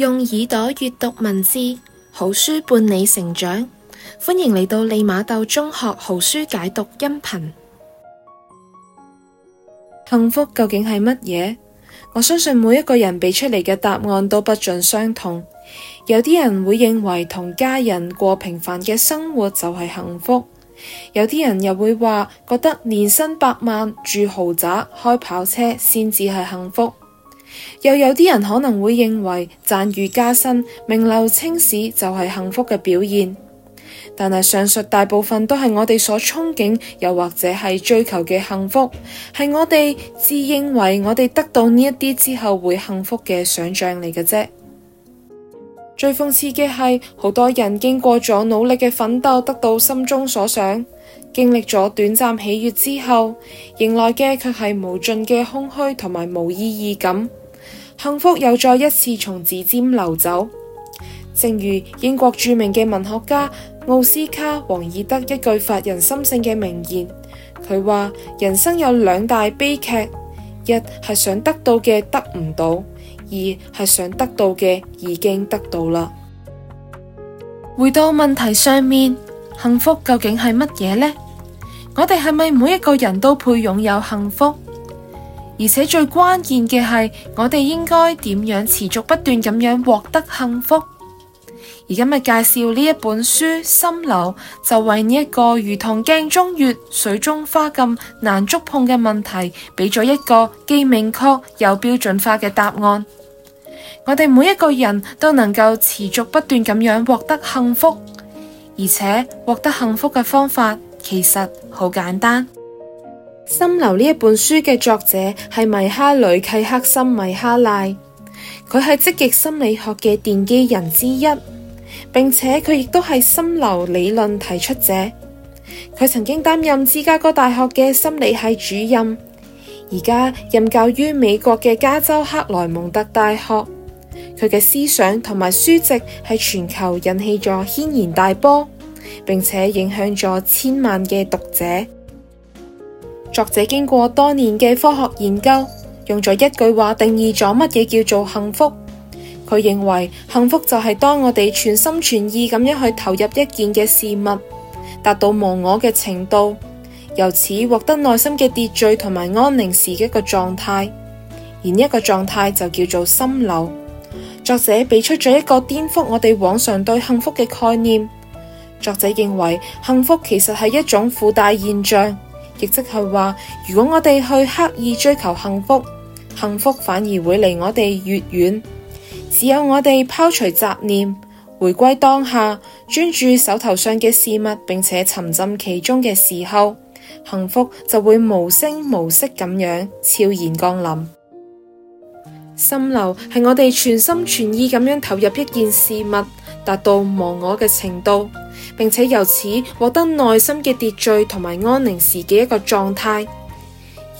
用耳朵閱讀文字，好書伴你成長。歡迎嚟到利馬竇中學好書解讀音頻。幸福究竟係乜嘢？我相信每一個人俾出嚟嘅答案都不盡相同。有啲人會認為同家人過平凡嘅生活就係幸福，有啲人又會話覺得年薪百萬、住豪宅、開跑車先至係幸福。又有啲人可能會認為讚譽加身、名留青史就係幸福嘅表現，但係上述大部分都係我哋所憧憬又或者係追求嘅幸福，係我哋自認為我哋得到呢一啲之後會幸福嘅想象嚟嘅啫。最諷刺嘅係，好多人經過咗努力嘅奮鬥，得到心中所想，經歷咗短暫喜悦之後，迎來嘅卻係無盡嘅空虛同埋無意義感。幸福又再一次從指尖流走，正如英國著名嘅文學家奧斯卡王爾德一句發人深省嘅名言，佢話：人生有兩大悲劇，一係想得到嘅得唔到，二係想得到嘅已經得到啦。回到問題上面，幸福究竟係乜嘢呢？我哋係咪每一個人都配擁有幸福？而且最關鍵嘅係，我哋應該點樣持續不斷咁樣獲得幸福？而今日介紹呢一本書《心流》，就為呢一個如同鏡中月、水中花咁難觸碰嘅問題，俾咗一個既明確又標準化嘅答案。我哋每一個人都能夠持續不斷咁樣獲得幸福，而且獲得幸福嘅方法其實好簡單。《心流》呢一本書嘅作者係米哈里契克森米哈賴，佢係積極心理學嘅奠基人之一，並且佢亦都係心流理論提出者。佢曾經擔任芝加哥大學嘅心理系主任，而家任教於美國嘅加州克萊蒙特大學。佢嘅思想同埋書籍喺全球引起咗軒然大波，並且影響咗千萬嘅讀者。作者經過多年嘅科學研究，用咗一句話定義咗乜嘢叫做幸福。佢認為幸福就係當我哋全心全意咁樣去投入一件嘅事物，達到忘我嘅程度，由此獲得內心嘅秩序同埋安寧時嘅一個狀態。而呢一個狀態就叫做心流。作者俾出咗一個顛覆我哋往常對幸福嘅概念。作者認為幸福其實係一種附帶現象。亦即係話，如果我哋去刻意追求幸福，幸福反而會離我哋越遠。只有我哋拋除雜念，回歸當下，專注手頭上嘅事物，並且沉浸其中嘅時候，幸福就會無聲無息咁樣悄然降臨。心流係我哋全心全意咁樣投入一件事物，達到忘我嘅程度。並且由此獲得內心嘅秩序同埋安寧時嘅一個狀態，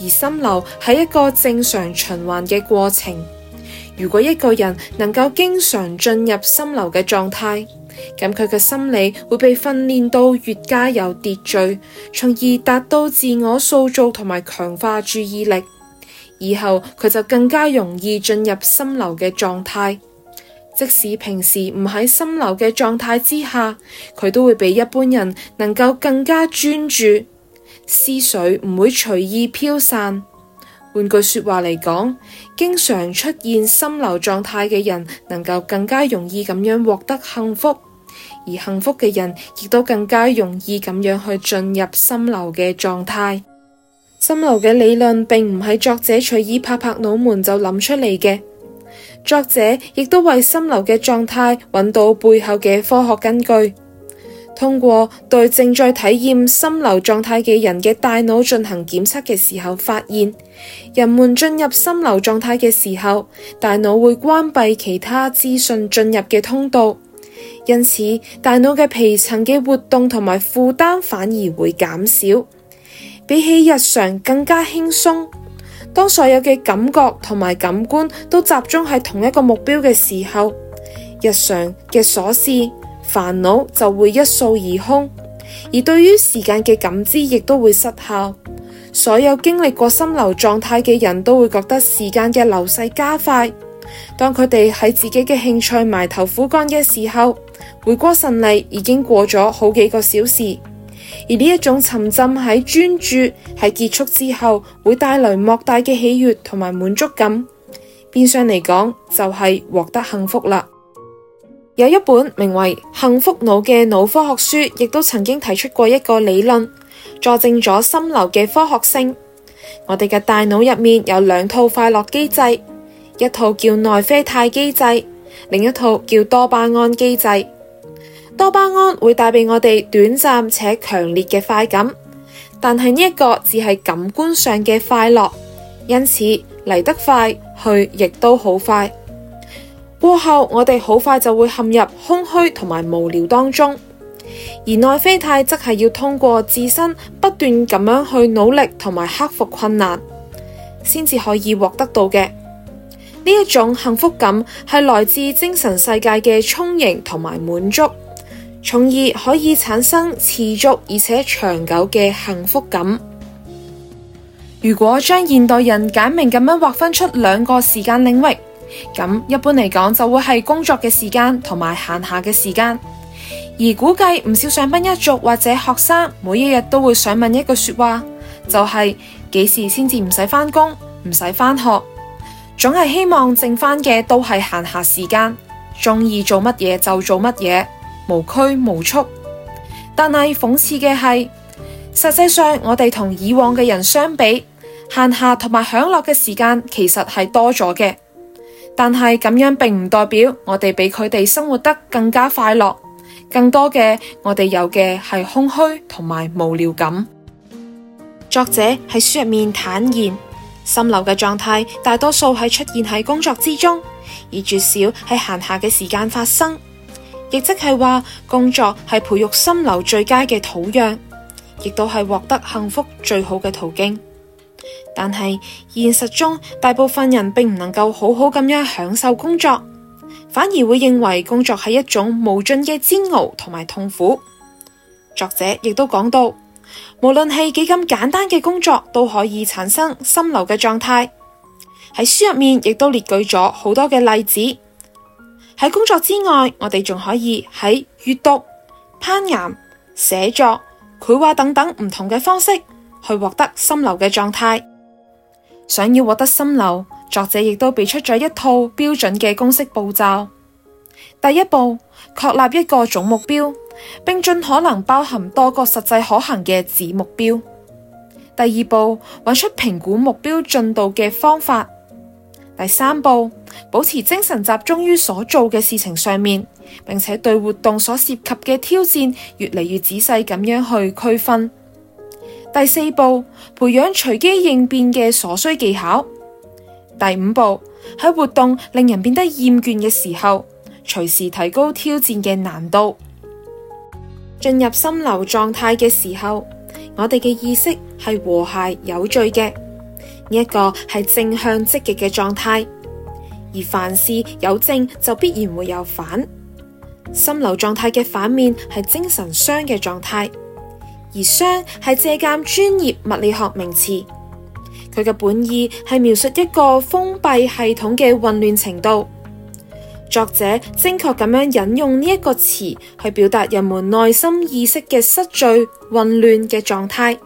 而心流係一個正常循環嘅過程。如果一個人能夠經常進入心流嘅狀態，咁佢嘅心理會被訓練到越加有秩序，從而達到自我塑造同埋強化注意力。以後佢就更加容易進入心流嘅狀態。即使平時唔喺心流嘅狀態之下，佢都會比一般人能夠更加專注，思緒唔會隨意飄散。換句說話嚟講，經常出現心流狀態嘅人，能夠更加容易咁樣獲得幸福，而幸福嘅人亦都更加容易咁樣去進入心流嘅狀態。心流嘅理論並唔係作者隨意拍拍腦門就諗出嚟嘅。作者亦都為心流嘅狀態揾到背後嘅科學根據。通過對正在體驗心流狀態嘅人嘅大腦進行檢測嘅時候，發現人們進入心流狀態嘅時候，大腦會關閉其他資訊進入嘅通道，因此大腦嘅皮層嘅活動同埋負擔反而會減少，比起日常更加輕鬆。當所有嘅感覺同埋感官都集中喺同一個目標嘅時候，日常嘅瑣事煩惱就會一掃而空，而對於時間嘅感知亦都會失效。所有經歷過心流狀態嘅人都會覺得時間嘅流逝加快。當佢哋喺自己嘅興趣埋頭苦幹嘅時候，回過神嚟已經過咗好幾個小時。而呢一種沉浸喺專注，喺結束之後會帶來莫大嘅喜悅同埋滿足感，變相嚟講就係、是、獲得幸福啦。有一本名為《幸福腦》嘅腦科學書，亦都曾經提出過一個理論，佐證咗心流嘅科學性。我哋嘅大腦入面有兩套快樂機制，一套叫內啡肽機制，另一套叫多巴胺機制。多巴胺會帶俾我哋短暫且強烈嘅快感，但係呢一個只係感官上嘅快樂，因此嚟得快，去亦都好快。過後我哋好快就會陷入空虛同埋無聊當中。而內啡肽則係要通過自身不斷咁樣去努力同埋克服困難，先至可以獲得到嘅呢一種幸福感，係來自精神世界嘅充盈同埋滿足。從而可以產生持續而且長久嘅幸福感。如果將現代人簡明咁樣劃分出兩個時間領域，咁一般嚟講就會係工作嘅時間同埋閒暇嘅時間。而估計唔少上班一族或者學生，每一日都會想問一句說話，就係、是、幾時先至唔使返工、唔使返學，總係希望剩返嘅都係閒暇時間，鍾意做乜嘢就做乜嘢。無拘無束，但係諷刺嘅係，實際上我哋同以往嘅人相比，閒暇同埋享樂嘅時間其實係多咗嘅。但係咁樣並唔代表我哋比佢哋生活得更加快樂，更多嘅我哋有嘅係空虛同埋無聊感。作者喺書入面坦言，心流嘅狀態大多數係出現喺工作之中，而絕少喺閒暇嘅時間發生。亦即係話，工作係培育心流最佳嘅土壤，亦都係獲得幸福最好嘅途徑。但係現實中，大部分人並唔能夠好好咁樣享受工作，反而會認為工作係一種無盡嘅煎熬同埋痛苦。作者亦都講到，無論係幾咁簡單嘅工作，都可以產生心流嘅狀態。喺書入面亦都列舉咗好多嘅例子。喺工作之外，我哋仲可以喺閱讀、攀岩、寫作、繪畫等等唔同嘅方式去獲得心流嘅狀態。想要獲得心流，作者亦都俾出咗一套標準嘅公式步驟。第一步，確立一個總目標，並盡可能包含多個實際可行嘅子目標。第二步，揾出評估目標進度嘅方法。第三步，保持精神集中於所做嘅事情上面，並且對活動所涉及嘅挑戰越嚟越仔細咁樣去區分。第四步，培養隨機應變嘅所需技巧。第五步，喺活動令人變得厭倦嘅時候，隨時提高挑戰嘅難度。進入心流狀態嘅時候，我哋嘅意識係和諧有序嘅，這一個係正向積極嘅狀態。而凡事有正就必然會有反。心流狀態嘅反面係精神熵嘅狀態，而熵係借鑑專業物理學名詞，佢嘅本意係描述一個封閉系統嘅混亂程度。作者精確咁樣引用呢一個詞去表達人們內心意識嘅失序、混亂嘅狀態，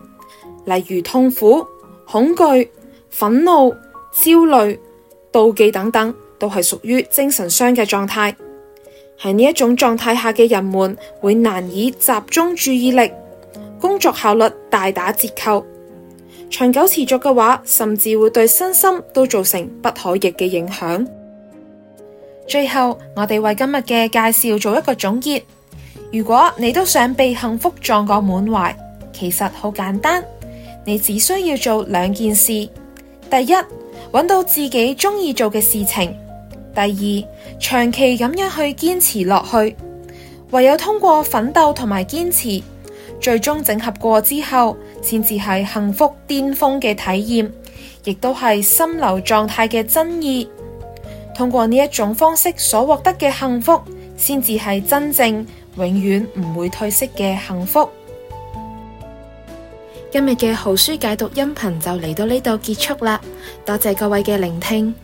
例如痛苦、恐懼、憤怒、焦慮。妒忌等等，都係屬於精神熵嘅狀態。喺呢一種狀態下嘅人們會難以集中注意力，工作效率大打折扣。長久持續嘅話，甚至會對身心都造成不可逆嘅影響。最後，我哋為今日嘅介紹做一個總結。如果你都想被幸福撞個滿懷，其實好簡單，你只需要做兩件事。第一，揾到自己鍾意做嘅事情，第二，長期咁樣去堅持落去，唯有通過奮鬥同埋堅持，最終整合過之後，先至係幸福巔峰嘅體驗，亦都係心流狀態嘅真意。通過呢一種方式所獲得嘅幸福，先至係真正永遠唔會褪色嘅幸福。今日嘅好書解讀音頻就嚟到呢度結束喇，多謝各位嘅聆聽。